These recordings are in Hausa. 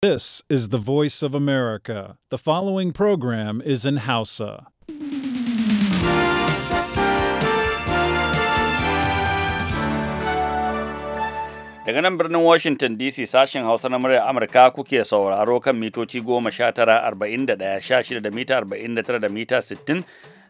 This is the voice of America. The following program is in Hausa. Daga nan birnin Washington DC sashen Hausa na murya Amurka kuke sauraro kan mitoci goma sha tara arba'in da ɗaya sha shida da mita arba'in da tara da mita sittin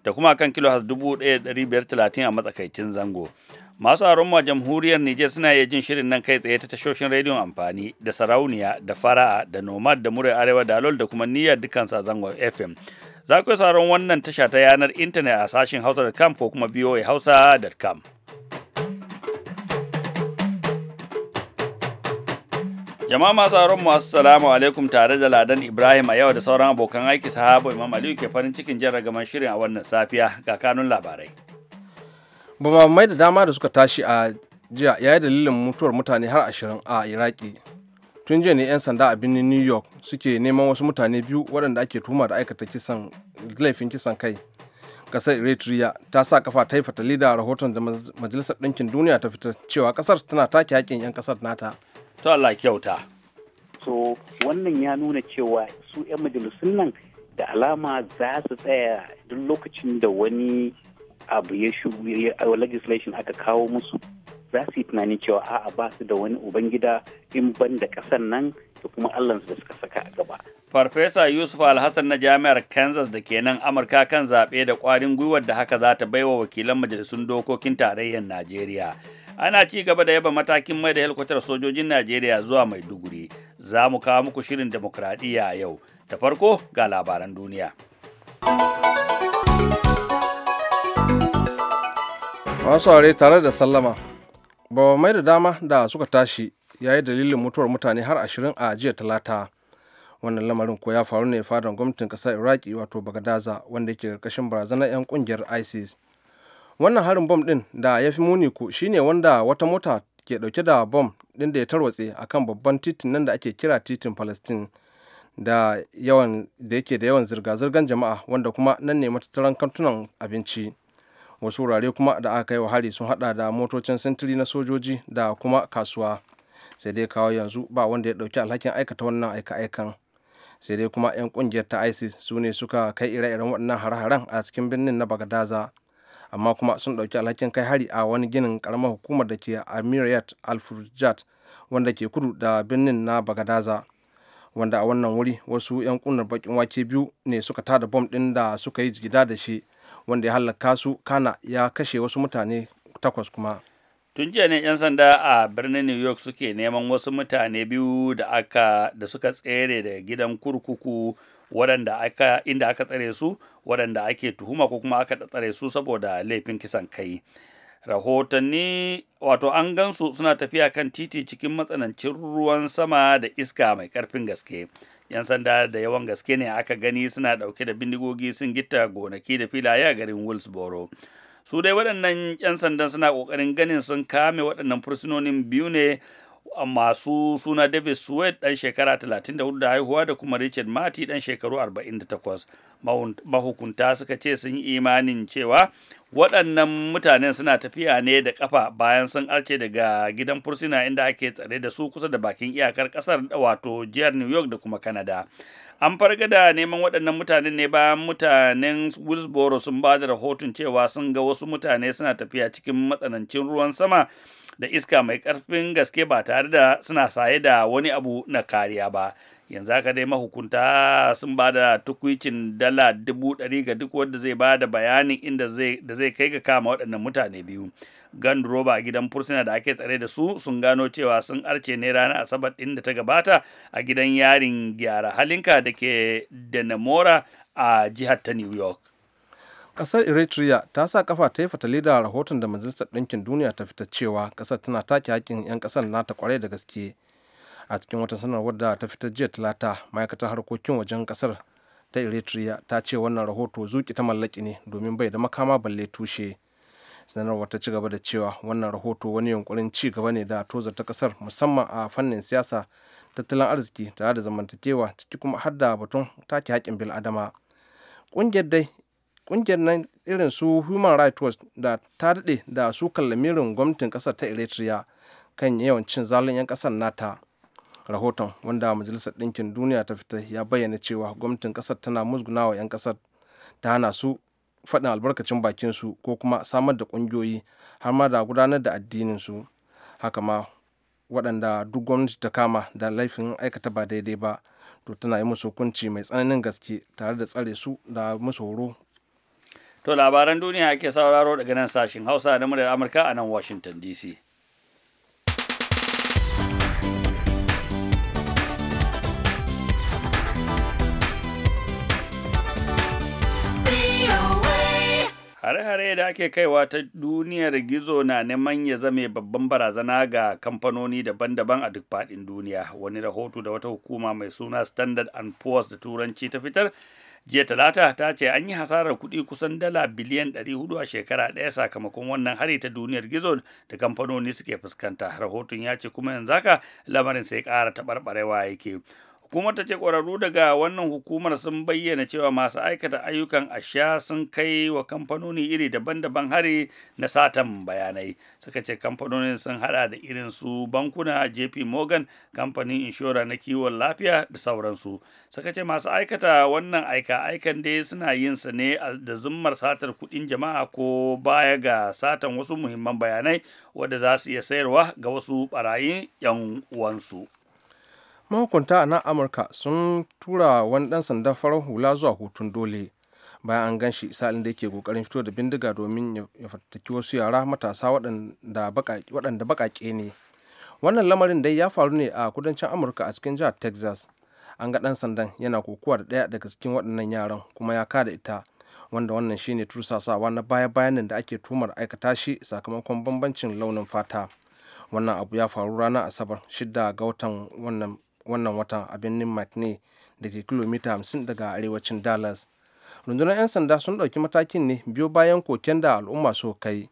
da kuma kan kilo 1530 dubu ɗari biyar a matsakaicin zango. masu ma jamhuriyar Nijar suna iya jin shirin nan kai tsaye ta tashoshin rediyon amfani da sarauniya da fara'a da nomad da murai arewa da alol da kuma niyyar dukkan zangon fm za ku sauran wannan tasha ta yanar intanet a sashin hausa.com ko kuma voahausa.com jama'a masu sauran mu assalamu alaikum tare da ladan ibrahim a yau da sauran abokan aiki sahabo imam aliyu ke farin cikin jan ragaman shirin a wannan safiya ga kanun labarai mai da dama da suka tashi a jiya ya yi dalilin mutuwar mutane har ashirin a iraki tun jiya ne 'yan sanda a birnin new york suke neman wasu mutane biyu waɗanda ake tuma da aikata kisan laifin kisan kai ƙasar eritrea ta sa kafa ta yi fatali da rahoton da majalisar ɗinkin duniya ta fitar cewa kasar tana take haƙƙin 'yan ƙasar nata to allah kyauta so wannan ya nuna cewa su 'yan majalisun nan da alama za su tsaya duk lokacin da wani abu ya shigo legislation aka kawo musu za su yi tunanin cewa a'a ba su da wani ubangida in ban da ƙasar nan da kuma su da suka saka a gaba. Farfesa Yusuf Alhassan na Jami'ar Kansas da ke nan Amurka kan zaɓe da ƙwarin gwiwar da haka za ta wa wakilan majalisun dokokin tarayyar Najeriya. Ana ci gaba da yaba matakin mai da helikwatar sojojin Najeriya zuwa Maiduguri. Za mu kawo muku shirin demokradiyya yau. Da farko ga labaran duniya. masu aure tare da sallama ba mai da dama da suka tashi ya yi dalilin mutuwar mutane har ashirin a jiya talata wannan lamarin ko ya faru ne fadar gwamnatin kasar iraki wato bagadaza wanda yake karkashin barazanar 'yan kungiyar isis wannan harin bom din da ya fi muni ku shine wanda wata mota ke dauke da bom din da ya tarwatse akan babban titin nan da ake kira titin palestine da yawan da yake da yawan zirga-zirgar jama'a wanda kuma nan ne matattaran kantunan abinci wasu wurare kuma da aka yi wa hari sun hada da motocin sintiri na sojoji da kuma kasuwa sai dai kawo yanzu ba wanda ya dauki alhakin aikata wannan aika-aikan sai dai kuma 'yan kungiyar ta isis su ne suka kai ire-iren waɗannan hare-haren a cikin birnin na bagadaza amma kuma sun ɗauki alhakin kai hari a wani ginin karamar hukumar da ke amiriyat alfurjat wanda ke kudu da birnin na bagadaza wanda a wannan wuri wasu 'yan kunar bakin wake biyu ne suka tada bom ɗin da suka yi jigida da shi wanda ya halaka su kana ya kashe wasu mutane takwas kuma tun jiya ne 'yan sanda a birnin new york suke neman wasu mutane biyu da aka da suka tsere da gidan kurkuku waɗanda aka inda aka tsare su waɗanda ake tuhuma ko kuma aka tsare su saboda laifin kisan kai rahotanni wato an gansu suna tafiya kan titi cikin matsanancin ruwan sama da iska mai karfin gaske yan sanda da yawan gaske ne aka gani suna dauke da bindigogi sun gita gonaki da filaye a garin boro su dai waɗannan 'yan sandan suna ƙoƙarin ganin sun kame waɗannan fursunonin biyu ne masu suna david Sweat dan shekara 34 da haihuwa da kuma Richard Mati dan shekaru 48. Mahukunta suka ce sun yi imanin cewa waɗannan mutanen suna tafiya ne da ƙafa bayan sun arce daga gidan fursuna inda ake tsare da su kusa da bakin iyakar ƙasar wato jihar New York da kuma Canada. An fargada neman waɗannan mutanen ne bayan mutanen Willsboro sun ba da rahoton cewa sun ga wasu mutane suna tafiya cikin matsanancin ruwan sama da iska mai ƙarfin gaske ba tare da suna saye da wani abu na kariya ba yanzu haka dai mahukunta sun ba da tukwicin dala dubu ɗari ga duk wanda zai ba da bayanin inda da zai kai ga kama waɗannan mutane biyu gan roba gidan fursuna da ake tsare da su sun gano cewa sun arce ne ranar asabar ɗin da ta gabata a gidan yarin gyara halinka da ke denamora a jihar ta new york kasar eritrea ta sa kafa ta yi fatali da rahoton da majalisar ɗinkin duniya ta fita cewa kasar tana take hakkin 'yan kasar nata kwarai da gaske a cikin wata sanarwar da ta fita jiya talata ma'aikatar harkokin wajen kasar ta eritrea ta ce wannan rahoto zuki ta mallaki ne domin bai da makama balle tushe sanarwar ta ci gaba da cewa wannan rahoto wani yunkurin ci gaba ne da tozar ta kasar musamman a fannin siyasa tattalin arziki tare da zamantakewa ciki kuma har da batun take haƙƙin bil'adama ƙungiyar dai ƙungiyar nan irin su human rights watch da ta daɗe da su lamirin gwamnatin ƙasar ta eritrea kan yawan cin zalun 'yan ƙasar nata rahoton wanda majalisar ɗinkin duniya ta fita ya bayyana cewa gwamnatin ƙasar tana wa 'yan ƙasar ta hana su faɗin albarkacin bakin su ko kuma samar da ƙungiyoyi har ma da gudanar da addinin su haka ma waɗanda duk gwamnati ta kama da laifin aikata ba daidai ba to tana yi musu hukunci mai tsananin gaske tare da tsare su da musu horo To labaran duniya ake sauraro daga nan sashin Hausa da muryar Amurka a nan Washington DC. Hare-hare da ake kaiwa ta duniyar gizo na neman ya zame babban barazana ga kamfanoni daban-daban a duk faɗin duniya. Wani rahoto da wata hukuma mai suna Standard and Poor's da Turanci ta fitar jiya talata ta ce an yi hasarar kuɗi kusan dala biliyan 400 a shekara ɗaya sakamakon wannan hari ta duniyar gizo da kamfanoni suke fuskanta rahoton ya ce kuma yanzu haka lamarin sai ƙara taɓarɓarewa yake Hukumar ta ce ƙwararru daga wannan hukumar sun bayyana cewa masu aikata ayyukan asha sun kai wa kamfanoni iri daban-daban hari na satan bayanai. Suka ce kamfanonin sun haɗa da irin su bankuna JP Morgan, kamfanin inshora na kiwon lafiya da sauransu. Suka ce masu aikata wannan aika-aikan dai suna yin sa ne da zummar satar kuɗin jama'a ko baya ga satan wasu muhimman bayanai wadda za su iya sayarwa ga wasu ɓarayin 'yan uwansu. mahukunta a nan amurka sun tura wani dan sandan farar hula zuwa hutun dole bayan an gan shi salin da yake kokarin fito da bindiga domin ya fataki wasu yara matasa waɗanda baƙaƙe ne wannan lamarin dai ya faru ne a kudancin amurka a cikin jihar texas an ga dan sandan yana kokuwa da ɗaya daga cikin waɗannan yaran kuma ya kada ita wanda wannan shine tursasawa na baya bayanin da ake tumar aikata shi sakamakon bambancin launin fata wannan abu ya faru ranar asabar shida ga watan wannan wannan watan a birnin mcney da ke kilomita 50 daga arewacin dallas rundunar 'yan sanda sun ɗauki matakin ne biyo bayan koken da al'umma su kai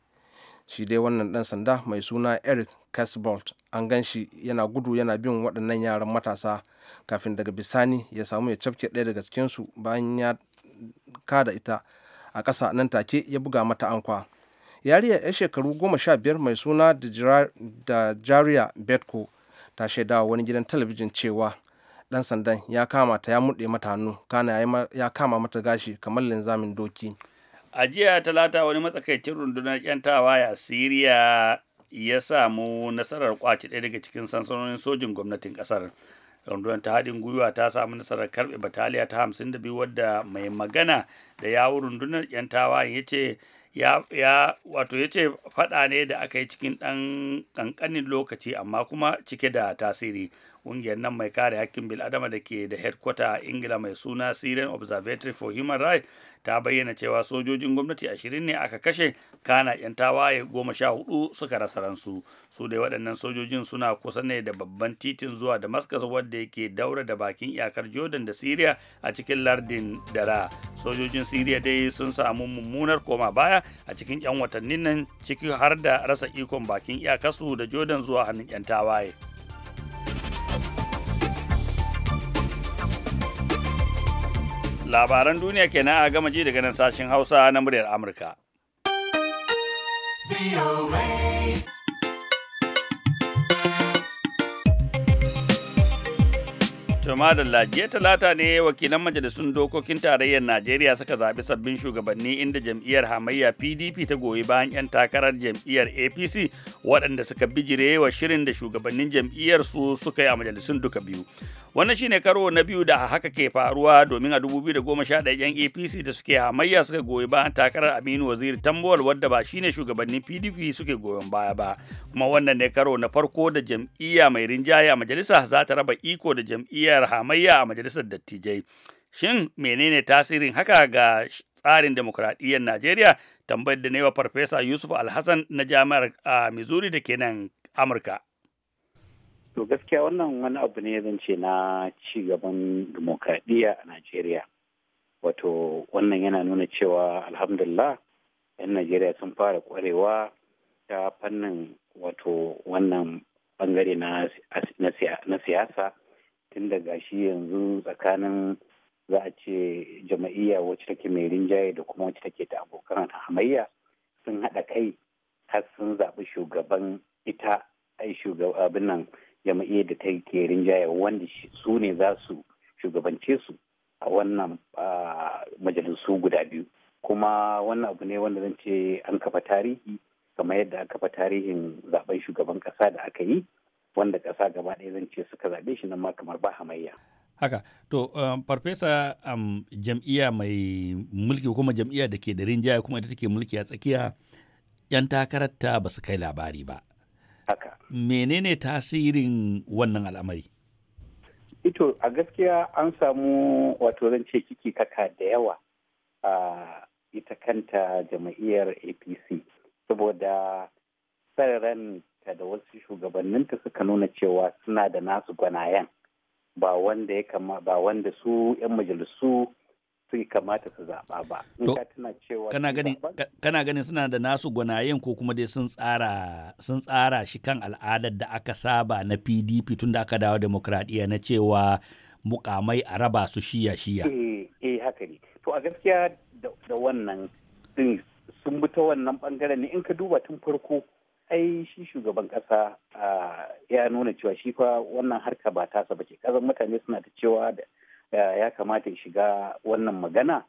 shi dai wannan dan sanda mai suna eric casbolt an gan shi yana gudu yana bin waɗannan yaran matasa kafin daga bisani ya samu ya cafke ɗaya daga cikinsu bayan ya kada ita a ƙasa nan take ya buga mata ankwa yariya 'yar shekaru goma sha biyar mai suna da jariya betko ta shaidawa wani gidan talabijin cewa dan sandan ya kama ta ya muɗe mata hannu kana ya kama mata gashi kamar linzamin doki a jiya talata wani matsakaicin rundunar 'yan ya siriya ya samu nasarar kwaci ɗaya daga cikin sansanonin sojin gwamnatin ƙasar rundunar ta haɗin gwiwa ta samu nasarar karɓe bataliya ta 52 wadda mai magana da yawun rundunar 'yan tawayen ya ce ya ya wato ya ce faɗa ne da aka yi cikin ɗan ƙanƙanin lokaci amma kuma cike da tasiri ƙungiyar nan mai kare hakkin bil'adama da ke da headquarter a ingila mai suna syrian observatory for human rights ta bayyana cewa sojojin gwamnati ashirin ne aka kashe kana yan tawaye goma sha hudu suka rasa ransu su dai waɗannan sojojin suna kusa ne da babban titin zuwa damascus wadda yake daura da bakin iyakar jordan da syria a cikin lardin dara sojojin syria dai sun samu mummunar koma baya a cikin yan watannin nan ciki har da rasa ikon bakin iyakarsu da jordan zuwa hannun yan tawaye Labaran duniya kenan a gama ji daga nan sashen Hausa na muryar Amurka. Tuma da lajiya talata ne wakilan majalisun dokokin tarayyar Najeriya suka zaɓi sabbin shugabanni inda jam'iyyar hamayya PDP ta goyi bayan 'yan takarar jam'iyyar APC waɗanda suka bijire wa shirin da shugabannin jam'iyyar su suka yi a majalisun duka biyu. wannan shine karo na biyu da haka ke faruwa domin a 2011 yan apc da suke hamayya suka goyi bayan takarar aminu waziri tambowar wadda ba shine shugabannin pdp suke goyon baya ba kuma wannan ne karo na farko da jam'iyya mai rinjaye a majalisa za ta raba iko da jam'iyyar hamayya a majalisar dattijai shin menene tasirin haka ga tsarin demokradiyyar najeriya tambayar da na yi wa farfesa yusuf alhassan na jami'ar a missouri da ke nan amurka To gaskiya wannan wani abu ne zan ce na ci gaban demokradiyya a Najeriya. Wato wannan yana nuna cewa alhamdulillah 'yan Najeriya sun fara kwarewa ta fannin wato wannan bangare na siyasa tun daga shi yanzu tsakanin za a ce jama'iyya wacce take mai rinjaye da kuma wacce take ta abokan hamayya sun haɗa kai har sun zaɓi shugaban ita ai shugaban nan jama'iyyar da ta ke rinjaye wanda su ne za su shugabance su a wannan majalisu guda biyu kuma wannan abu ne wanda zan ce an kafa tarihi kamar yadda aka kafa tarihin zaben shugaban kasa da aka yi wanda kasa gaba ɗaya zan ce suka zaɓe shi nan ma kamar ba hamayya haka to um, farfesa um, jam'iyya mai mulki kuma jam'iyya da ke da rinjaya kuma ita take mulki a tsakiya yan takararta ba su kai labari ba menene tasirin wannan al'amari ito a gaskiya an samu wato zan ce kiki kaka da yawa a ita kanta jam'iyyar apc saboda sararin ta da wasu shugabanninta suka nuna cewa suna da nasu gwanayen ba ba wanda su 'yan majalisu su kamata su zaɓa ba. Kana ganin suna da nasu gwanayen ko kuma dai sun tsara shi kan al'adar da aka saba na PDP tun da aka dawo demokradiyya na cewa mukamai a raba su shiya shiya. Eh, eh haka ne. To a gaskiya da wannan din sun bi ta wannan bangaren ne in ka duba tun farko ai shi shugaban kasa ah, ya nuna cewa shi fa wannan harka ba tasa bace kazan mutane suna ta cewa da ya kamata ya shiga wannan magana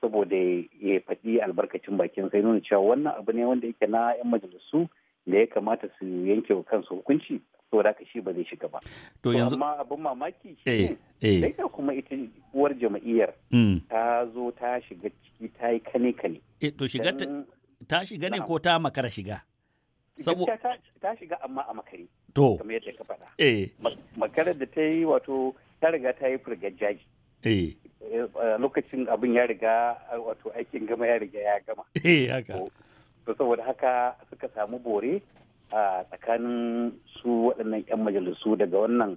saboda ya faɗi albarkacin bakin sai nuna cewa wannan abu ne wanda yake na 'yan majalisu da ya kamata su yanke wa kansu hukunci saboda haka shi ba zai shiga ba. To yanzu amma abin mamaki shi eh, ne eh. kuma ita uwar jama'iyyar hmm. ta zo ta shiga ciki ta yi kane kane. Eh, to shiga ta shiga ne ko ta makara shiga? Ta shiga amma a makare. To. Kamar yadda ka faɗa. Makarar da ta yi wato ta riga ta yi furgar eh. eh, eh, lokacin abin ya riga wato aikin gama ya riga ya gama to saboda haka suka samu bore a tsakanin su waɗannan 'yan majalisu daga wannan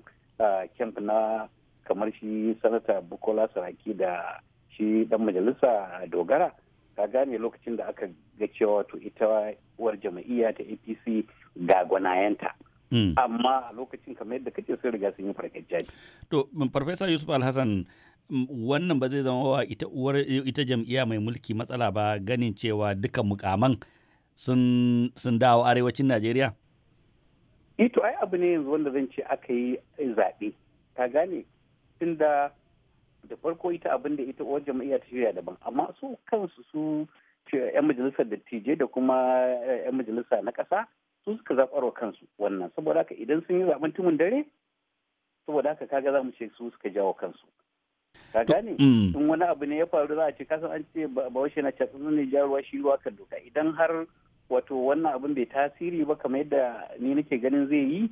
kemp na kamar shi sanata bukola saraki da shi ɗan majalisa dogara ka gane lokacin da aka ga cewa to ita uwar jama'iyya ta apc ga gwanayenta Mm. amma a lokacin kamar yadda kace sun riga sun yi farkajiya to mm, farfesa yusuf alhassan mm, wannan ba zai zama wa ita uwar ita jam'iyya mai mulki matsala ba ganin cewa duka mukaman sun dawo arewacin najeriya ito eh ai abu ne yanzu wanda zan ce aka yi zaɓe ka gane tunda da farko ita abin da ita uwar jam'iyya ta shirya daban amma su kansu su 'yan majalisar dattijai da kuma eh, 'yan majalisa na ƙasa su suka zaɓar wa kansu wannan saboda haka idan sun yi zaɓen tumun dare saboda haka kaga za mu ce su suka jawo kansu ka gane mm. in wani abu ne ya faru za a ce kasan an ce bahaushe na ce ne jaruwa shi ruwa kan doka idan har wato wannan abin bai tasiri ba kamar yadda ni nake ganin zai yi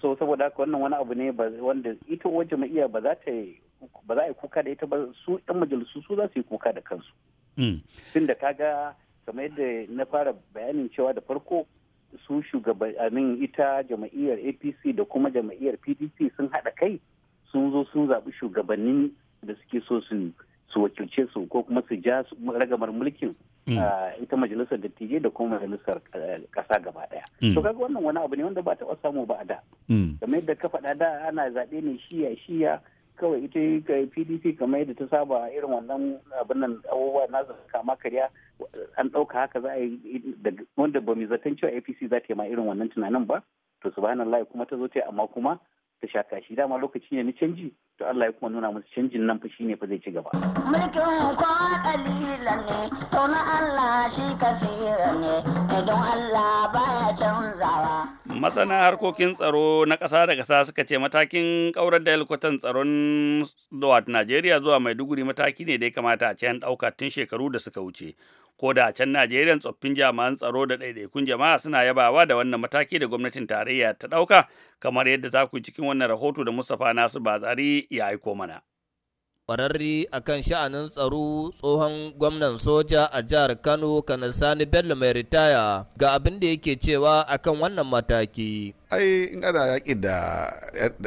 so saboda haka wannan wani abu ne wanda ita wajen jama'iyya ba za ta ba za a yi kuka da ita ba su ɗan majalisu su za su yi kuka da kansu. Mm. Tun da kaga kamar yadda na fara bayanin cewa da farko su shugabannin ita jama'iyyar apc da kuma jama'iyyar pdp sun haɗa kai sun zo sun zaɓi shugabannin da suke so su su wakilce su ko kuma su ja ragamar mulkin mm. ita majalisar dattijai da kuma majalisar ƙasa gaba daya mm. to kaga wannan wani abu ne wanda ba taɓa samu ba a da game mm. da ka faɗa da ana zaɓe ne shiya shiya kawai ita ga pdp kamar yadda ta saba irin wannan abin nan abubuwa na kama karya an ɗauka haka za a yi wanda ba mu zaton cewa apc za ta yi ma irin wannan tunanin ba to subhanallah kuma ta zo ta yi amma kuma ta sha kashi dama lokaci ne na canji to Allah ya kuma nuna musu canjin nan fa ne fa zai ci gaba mulkin kowa kalila ne to Allah shi kasira ne idan Allah baya canzawa masana harkokin tsaro na ƙasa da ƙasa suka ce matakin ƙaurar da helikwatan tsaron Najeriya zuwa Maiduguri mataki ne da ya kamata a ce an ɗauka tun shekaru da suka wuce ko da can najeriya tsoffin jami'an tsaro da ɗaiɗaikun jama'a suna yabawa da wannan mataki da gwamnatin tarayya ta ɗauka kamar yadda za ku cikin wannan rahoto da mustapha nasu bazari ya aiko mana kwararri a kan sha'anin tsaro tsohon gwamnan soja a jihar kano kanar sani bello mai ritaya ga abin da yake cewa akan wannan mataki ai in ana yaƙi da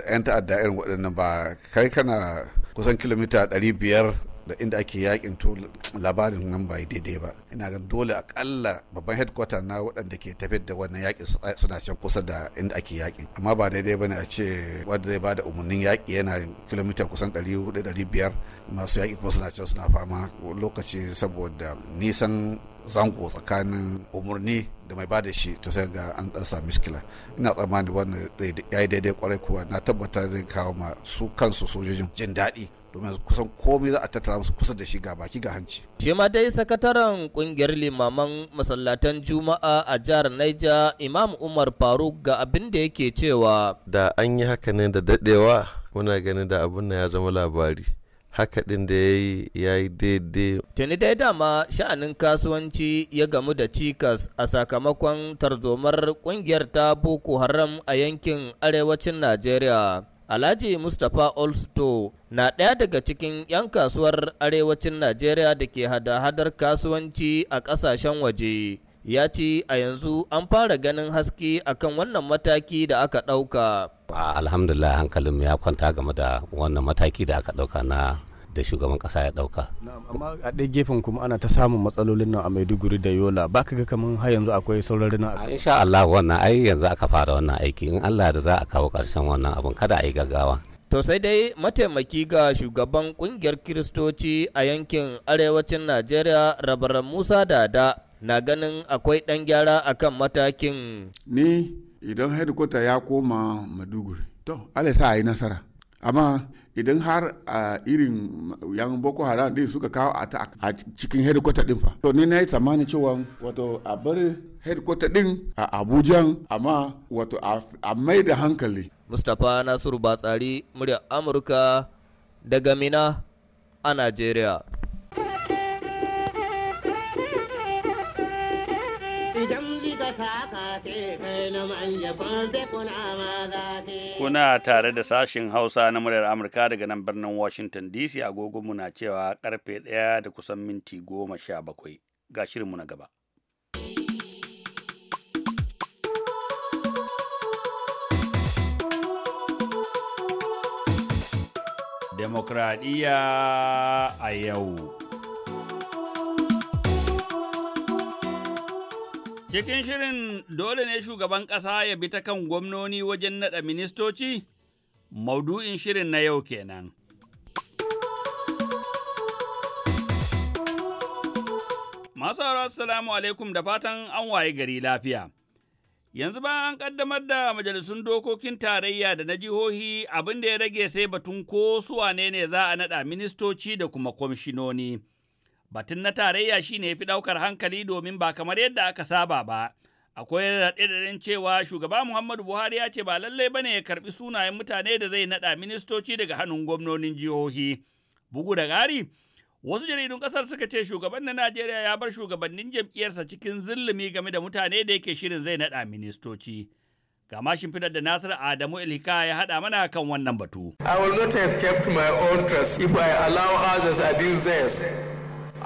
'yan ta'adda irin waɗannan ba kai kana kusan kilomita 500 da inda ake yakin to labarin nan ba daidai ba ina ga dole akalla babban headquarter na waɗanda ke tafiyar da wannan yakin suna can kusa da inda ake yakin amma ba daidai bane a ce wanda zai bada umarnin yaki yana kilomita kusan 400 500 masu yaki kuma suna can suna fama lokaci saboda nisan zango tsakanin umarni da mai bada shi to sai ga an dan sami miskila ina tsammani wannan ya yi daidai kwarai kuwa na tabbata zai kawo ma su kansu sojojin jin daɗi domin kusan komai za a tattara musu kusa da shi ga baki ga hanci. Shi ma dai sakataren kungiyar limaman masallatan Juma'a a jihar Naija Imam Umar Faruk ga abin da yake cewa. Da an yi haka ne da daɗewa muna ganin da abin ya zama labari. haka ɗin da ya yi ya yi daidai. Tuni dai dama sha'anin kasuwanci ya gamu da cikas a sakamakon tarzomar ƙungiyar ta Boko Haram a yankin arewacin Najeriya. Alhaji Mustapha Olsto na ɗaya daga cikin 'yan kasuwar arewacin Najeriya da ke hada-hadar kasuwanci a ƙasashen waje. Ya ce a yanzu an fara ganin haske akan wannan mataki da aka ɗauka. alhamdulillah hankalin ya kwanta game da wannan mataki da aka dauka na da shugaban kasa ya dauka amma a ɗaya gefen kuma ana ta samun matsalolin nan a maiduguri da yola ba ka ga kamar har yanzu akwai saurari na insha Allah wannan ai yanzu aka fara wannan aiki in Allah da za a kawo ƙarshen wannan abun kada a gaggawa To sai dai mataimaki ga shugaban kungiyar Kiristoci a yankin arewacin Najeriya rabaran Musa Dada na ganin akwai ɗan gyara akan matakin. Ni idan hedikota ya koma maduguri to ala sa a yi nasara amma idan har a irin yan boko haram din suka kawo a cikin hedikota din fa to ni na yi tsammanin cewa wato a bari hedikota din a abuja amma wato a mai da hankali mustapha nasiru batsari murya amurka daga mina a nigeria. Kuna tare da sashin Hausa na muryar Amurka daga nan birnin Washington DC agogonmu na cewa karfe ɗaya da kusan minti goma sha bakwai ga shirinmu na gaba. Demokradiyya a yau. Cikin shirin dole ne shugaban ƙasa ya bi ta kan gwamnoni wajen naɗa ministoci? Maudu'in shirin na yau kenan. Masu 'Salamu alaikum da fatan an waye gari lafiya. Yanzu ba an ƙaddamar da majalisun dokokin tarayya da na jihohi abinda ya rage sai batun ko su ne za a naɗa ministoci da kuma kwamishinoni. Batun na tarayya shine ya fi ɗaukar hankali domin ba kamar yadda aka saba ba. akwai raɗe-raɗen cewa shugaba Muhammadu Buhari ya ce ba lallai ba ne ya karɓi sunayen mutane da zai naɗa ministoci daga hannun gwamnonin jihohi. Bugu da ƙari, wasu jaridun ƙasar suka ce shugaban na Najeriya ya bar shugabannin jam'iyyarsa cikin zillumi game da mutane da yake shirin zai naɗa ministoci. Ga ma shimfidar da Nasir Adamu Ilika ya haɗa mana kan wannan batu. I will not have kept my own trust if I allow others abuse this.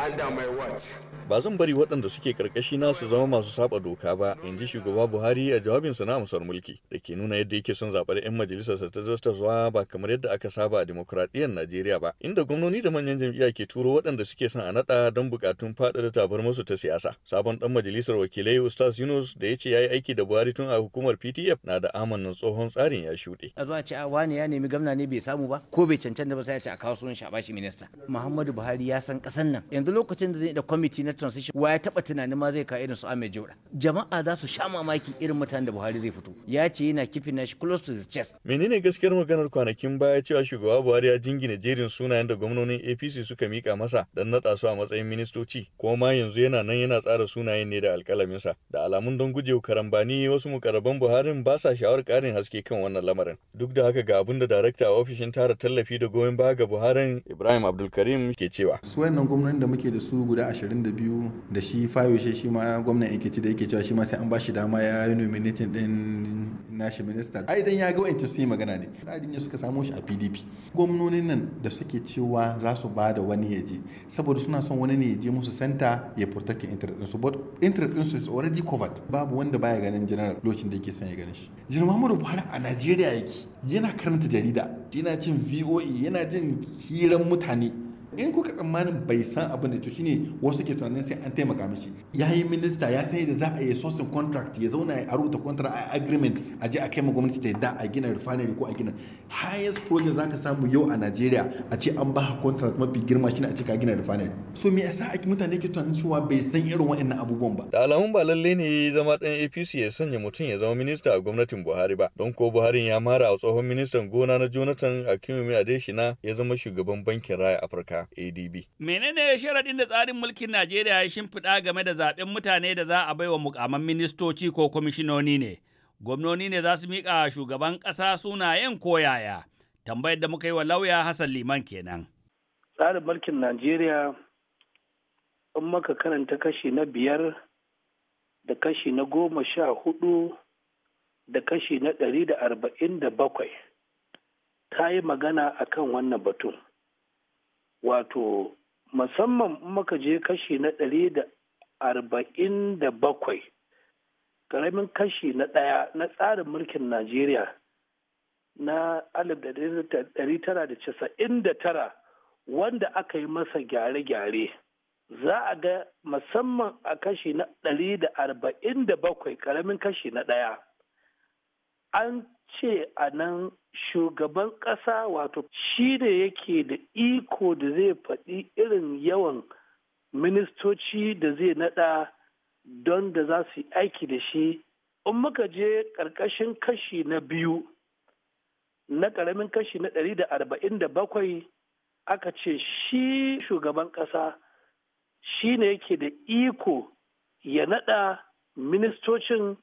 Under down my watch. ba zan bari waɗanda suke karkashi na su zama masu saba doka ba in ji shugaba buhari a jawabinsa na amsar mulki da ke nuna yadda yake son zaɓar 'yan majalisar ta zuwa ba kamar yadda aka saba a dimokuraɗiyyar najeriya ba inda gwamnoni da manyan jam'iyya ke turo waɗanda suke son a naɗa don buƙatun faɗaɗa tabar musu ta siyasa sabon ɗan majalisar wakilai ustaz yunus da ya ce ya yi aiki da buhari tun a hukumar ptf na da amannin tsohon tsarin ya shuɗe a zuwa ce a wani ya nemi gwamna ne bai samu ba ko bai cancanta ba sai ya ce a kawo sunan shi a minista muhammadu buhari ya san kasan nan yanzu lokacin da zai da kwamiti na transition wa ya taba tunanin ma zai ka irin su Ahmed Jaura jama'a za su sha mamaki irin mutanen da Buhari zai fito ya ce yana kifin nashi close to the chest menene gaskiyar maganar kwanakin baya cewa shugaba Buhari ya jingina jerin sunayen da gwamnonin APC suka mika masa dan natsa su a matsayin ministoci kuma ma yanzu yana nan yana tsara sunayen ne da alkalaminsa da alamun don gujewa karambani wasu mukarraban Buharin ba sa sha'awar karin haske kan wannan lamarin duk da haka ga abin da darakta a ofishin tara tallafi da goyon baya ga Buharin Ibrahim Abdulkarim ke cewa su wayannan gwamnonin da muke da su guda 22 biyu da shi fayo shi ma gwamnan ekiti da yake cewa shi ma sai an ba shi dama ya yi nominating din nashi minista ai dan ya ga wa'ancan su yi magana ne tsarin ya suka samo shi a pdp gwamnonin nan da suke cewa za su ba da wani ya saboda suna son wani ne ya je musu santa ya protect interest su but interest su is already covered babu wanda baya ganin general lokacin da yake son ya ganin shi jiran muhammadu buhari a najeriya yake yana karanta jarida yana cin voe yana jin hiran mutane in kuka tsammanin bai san abin da to shine wasu ke tunanin sai an taimaka mishi ya yi minista ya san da za a yi sosin contract ya zauna a rubuta contract a agreement a je a kai ma gwamnati ta yadda a gina refinery ko a gina highest project zaka samu yau a Najeriya a ce an ba contract mafi girma shine a ce ka gina refinery so me yasa ake mutane ke tunanin cewa bai san irin wa'annan abubuwan ba da alamun ba lalle ne zama dan APC ya sanya mutum ya zama minista a gwamnatin Buhari ba don ko Buhari ya mara a tsohon ministan gona na Jonathan Akinwumi Adeshina ya zama shugaban bankin Raya Afirka ta adb menene sharaɗin da tsarin mulkin najeriya ya shimfiɗa game da zaɓen mutane da za a baiwa mukaman ministoci ko kwamishinoni ne gwamnoni ne za su miƙa shugaban ƙasa sunayen ko yaya tambayar da muka yi wa lauya hassan liman kenan tsarin mulkin najeriya in maka karanta kashi na biyar da kashi na goma sha hudu da kashi na ɗari da arba'in da bakwai ta yi magana a kan wannan batun wato musamman muka je kashi na ɗari da arba'in da bakwai ƙaramin kashi na ɗaya na tsarin mulkin najeriya na alif da ɗari tara da casa'in da tara wanda aka yi masa gyare-gyare za a ga musamman a kashi na ɗari da arba'in da bakwai ƙaramin kashi na ɗaya an ce a nan shugaban ƙasa wato shi ne yake da iko da zai faɗi irin yawan ministoci da zai naɗa don da za su yi aiki da shi in muka je ƙarƙashin kashi na biyu na ƙaramin kashi na ɗari da arba'in da bakwai aka ce shi shugaban ƙasa shi ne yake da iko ya naɗa ministocin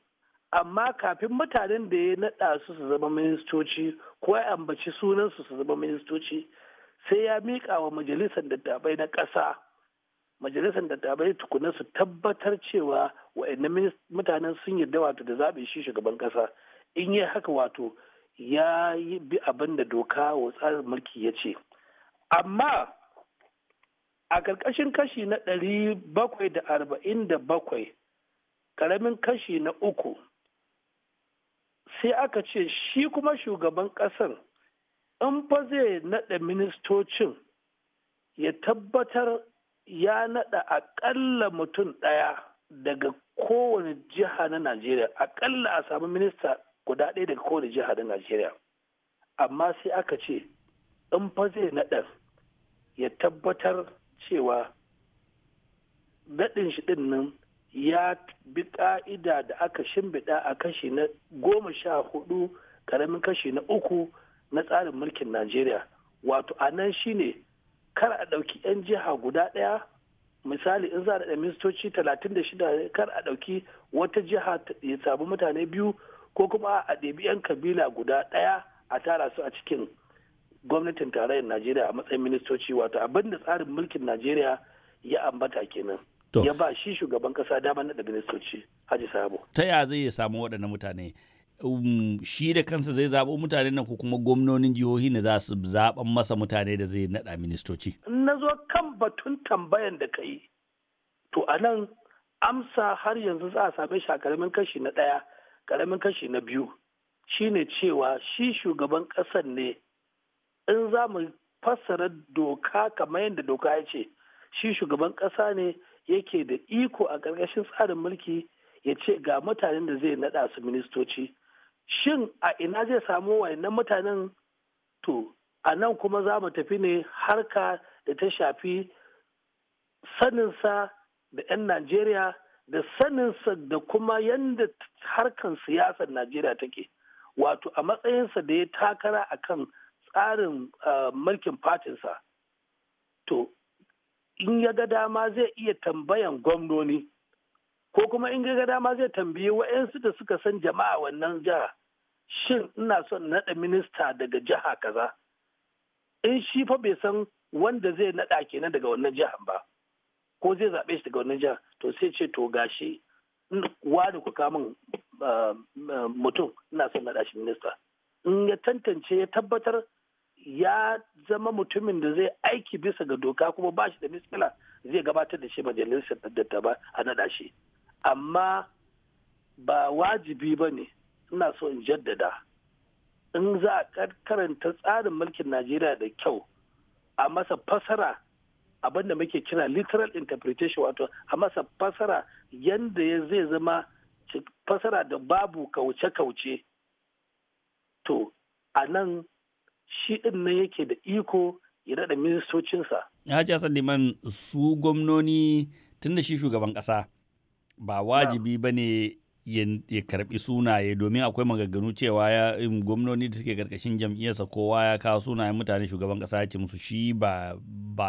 amma kafin mutanen da ya naɗa su su zama ministoci ko ya ambaci sunansu su zama ministoci sai ya miƙa wa majalisar dattabai na ƙasa majalisar dattabai tukuna su tabbatar cewa wa'annan mutanen sun yarda wato da zaɓe shi shugaban ƙasa in yi haka wato ya yi bi abin da doka wa tsarin mulki ya ce amma a ƙarƙashin kashi na ɗari bakwai da arba'in da bakwai ƙaramin kashi na uku sai aka ce shi kuma shugaban ƙasar in fa zai naɗa ministocin ya tabbatar ya naɗa aƙalla mutum ɗaya daga kowane jiha na najeriya aƙalla a samu minista guda ɗaya daga kowane jiha na najeriya amma sai aka ce in fa zai naɗa ya tabbatar cewa daɗin shi ɗin nan ya bi ƙa'ida da aka shimbiɗa a kashi na goma sha hudu ƙaramin kashi na uku na tsarin mulkin najeriya wato a nan shi ne kar a ɗauki 'yan jiha guda ɗaya misali in za a da ministoci 36 kar a ɗauki wata jiha ya samu mutane biyu ko kuma a ɗebi 'yan kabila guda ɗaya a tara su a cikin gwamnatin tarayyar najeriya a matsayin ministoci wato abinda tsarin mulkin najeriya ya ambata kenan ya ba shi shugaban kasa dama na da ministoci Haji Sabo. Ta ya zai ya samu waɗannan mutane? Um, shi da kansa zai zaɓo mutane nan ko kuma gwamnonin jihohi ne za su zaɓan masa mutane da zai naɗa ministoci. Na zo kan batun tambayan da ka yi. To a nan amsa har yanzu za a same shi a karamin kashi na ɗaya, karamin kashi na biyu. shi ne cewa shi shugaban ƙasar ne in za mu fassara doka kamar yadda doka ya ce, shi shugaban ƙasa ne yake da iko a ƙarƙashin tsarin mulki ya ce ga mutanen da zai naɗa su ministoci shin a ina zai samu wayannan mutanen to a nan kuma za mu tafi ne harka da ta shafi saninsa da 'yan najeriya da saninsa da kuma yadda harkan siyasar najeriya take wato a matsayinsa da ya takara akan kan tsarin eh, mulkin fatinsa to in ya ga dama zai iya tambayan gwamnoni ko kuma in ga dama zai tambayi wa'yansu da suka san jama'a wannan jiha shin ina son naɗa minista daga jiha kaza in shi fa bai san wanda zai naɗa kenan daga wannan jihar ba ko zai zaɓe shi daga wannan jihar to sai ce to gashi wani ku kamun eh, eh, mutum ina son naɗa shi minista in ya tantance ya tabbatar ya zama mutumin da zai aiki bisa ga doka kuma ba shi da miskila zai gabatar da shi majalisar dattata ba a naɗa shi amma ba wajibi ba ne ina so in jaddada in za a karanta tsarin mulkin najeriya da kyau a masa fasara abinda muke kira literal interpretation wato a masa fasara yadda ya zai zama fasara da babu kauce-kauce to a nan shi ɗin nan yake da iko ya daɗa ministocinsa. ce Hassan Liman su gwamnoni tun da shi shugaban ƙasa ba wajibi ba ne ya karɓi sunaye domin akwai maganganu cewa ya gwamnoni da suke karkashin jam'iyyarsa kowa ya kawo sunayen mutane shugaban ƙasa ya ce musu shi ba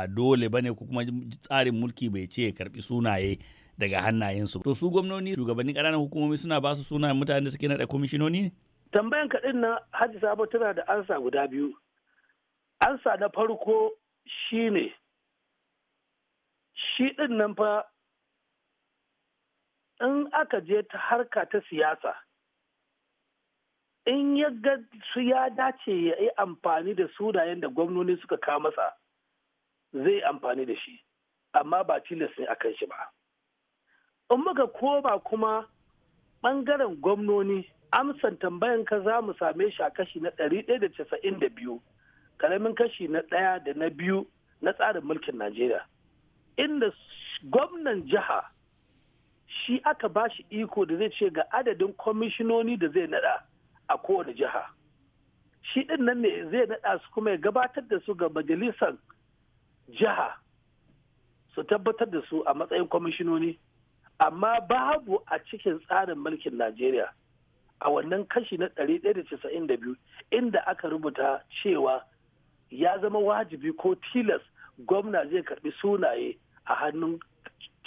dole ba ne ko kuma tsarin mulki bai ce ya karɓi sunaye daga hannayensu. To su gwamnoni shugabannin ƙananan hukumomi suna ba su sunayen mutane da suke naɗa kwamishinoni tambayan kaɗin nan hajji sabo tana da ansa guda biyu ansa na farko shine shi ɗin nan fa in aka je ta harka ta siyasa in ya ga su ya dace ya yi amfani da sunayen da gwamnoni suka kawo masa zai amfani da shi amma ba tilas ne akan shi ba in muka koma kuma ɓangaren gwamnoni amsan tambayan ka za mu same shi a kashi na ɗari ɗaya da casa'in da biyu karamin kashi na ɗaya da na biyu na tsarin mulkin najeriya inda gwamnan jiha shi aka ba shi iko da zai ce ga adadin kwamishinoni da zai naɗa a kowane jiha shi ɗin nan ne zai naɗa su kuma ya gabatar da su ga majalisar jiha su tabbatar da su a matsayin kwamishinoni amma babu a cikin tsarin mulkin najeriya a wannan kashi na 192 inda aka rubuta cewa ya zama wajibi ko tilas gwamna zai karbi sunaye a hannun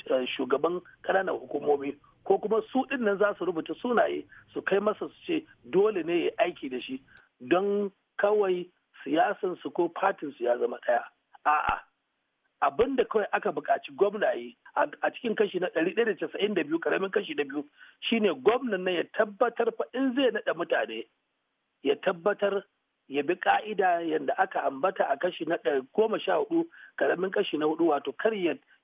eh, shugaban kananan hukumomi ko kuma su din nan za su rubuta sunaye su kai masa su ce dole ne ya aiki da shi don kawai siyasansu ko fatinsu ya zama ɗaya. A'a, abinda kawai aka buƙaci gwamna yi a cikin kashi na ɗari ɗaya da casa'in da biyu karamin kashi na biyu shine gwamnan na ya tabbatar fa in zai naɗa mutane ya tabbatar ya bi ka'ida yadda aka ambata a kashi na goma sha hudu karamin kashi na hudu wato kar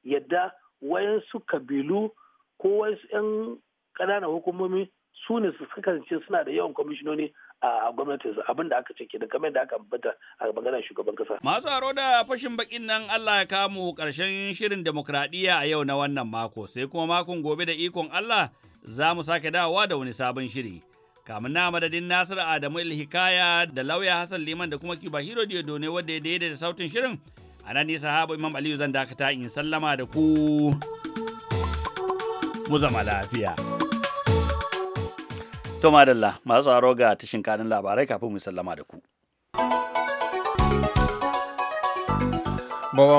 yadda wayansu kabilu ko wayansu 'yan ƙananan hukumomi su ne su kasance suna da yawan kwamishinoni a gwamnatinsa abin da aka ce ke da kamar da aka ambata a maganar shugaban kasa. Masu aro da fashin bakin nan Allah ya kamu karshen shirin demokradiyya a yau na wannan mako sai kuma makon gobe da ikon Allah za mu sake dawowa da wani sabon shiri. kamun na madadin Nasiru Adamu Ilhikaya da lauya Hassan Liman da kuma Kiba Hiro ne wadda ya daidai da sautin shirin a nan nisa habu Imam Aliyu zan dakata in sallama da ku mu zama lafiya. To madalla masu aro ga tashin kanin labarai kafin mu sallama da ku.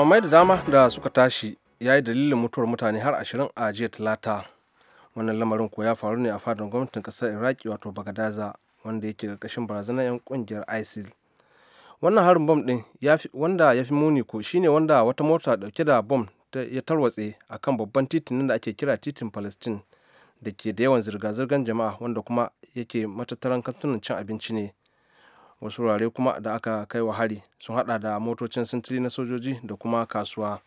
mai da dama da suka tashi ya yi dalilin mutuwar mutane har ashirin a jiya talata. Wannan lamarin ko ya faru ne a fadin gwamnatin kasar Iraki wato Bagadaza wanda yake ƙarƙashin barazanar 'yan ƙungiyar ISIL. Wannan harin bom ɗin wanda ya fi muni ko shi ne wanda wata mota ɗauke da bom ya tarwatse akan babban titin da ake kira titin Palestine da ke da yawan zirga-zirgar jama'a wanda kuma yake matattaran kantunan cin abinci ne wasu wurare kuma da aka kai wa hari sun hada da motocin sintiri na sojoji da kuma kasuwa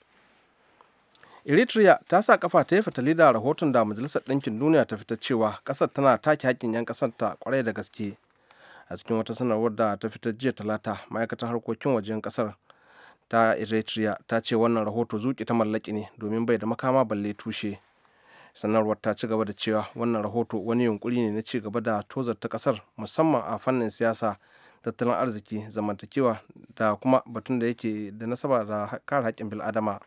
eritrea ta sa kafa ta yi fatali da rahoton da majalisar ɗinkin duniya ta fita cewa ƙasar tana take haƙƙin 'yan ƙasar ta kwarai da gaske a cikin wata sanarwar da ta fitar jiya talata ma'aikatar harkokin wajen ƙasar ta eritrea ta ce wannan rahoto zuƙi ta mallaki ne domin bai da makama balle tushe sanarwar ta ci gaba da cewa wannan rahoto wani yunkuri ne na ci gaba da tozar ta kasar musamman a fannin siyasa tattalin arziki zamantakewa da kuma batun da yake da nasaba da kare haƙƙin bil'adama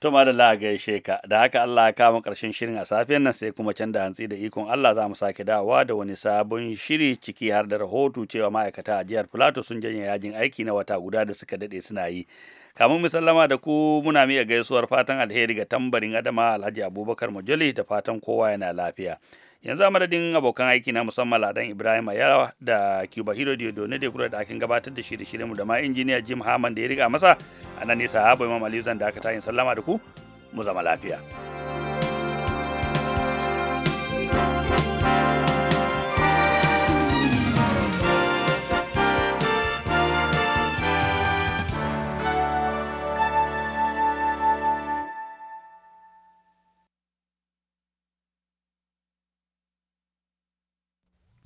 to ma da la gaishe ka da haka Allah ya kama karshen shirin a safiyar nan sai kuma can da hantsi da ikon Allah za mu sake dawowa da wani sabon shiri ciki har da rahoto cewa ma'aikata a jihar Plateau sun janye yajin aiki na wata guda da suka dade suna yi kamun mu sallama da ku muna miya gaisuwar fatan alheri ga tambarin adama alhaji abubakar majali da fatan kowa yana lafiya yanzu a madadin abokan aiki na musamman ladan ibrahim ayawa da cuba hero diodo ne da kura da akin gabatar da shirye shirye mu da ma injiniya jim haman da ya riga masa a nan nesa habu imam aliyu zan da aka sallama da ku mu zama lafiya.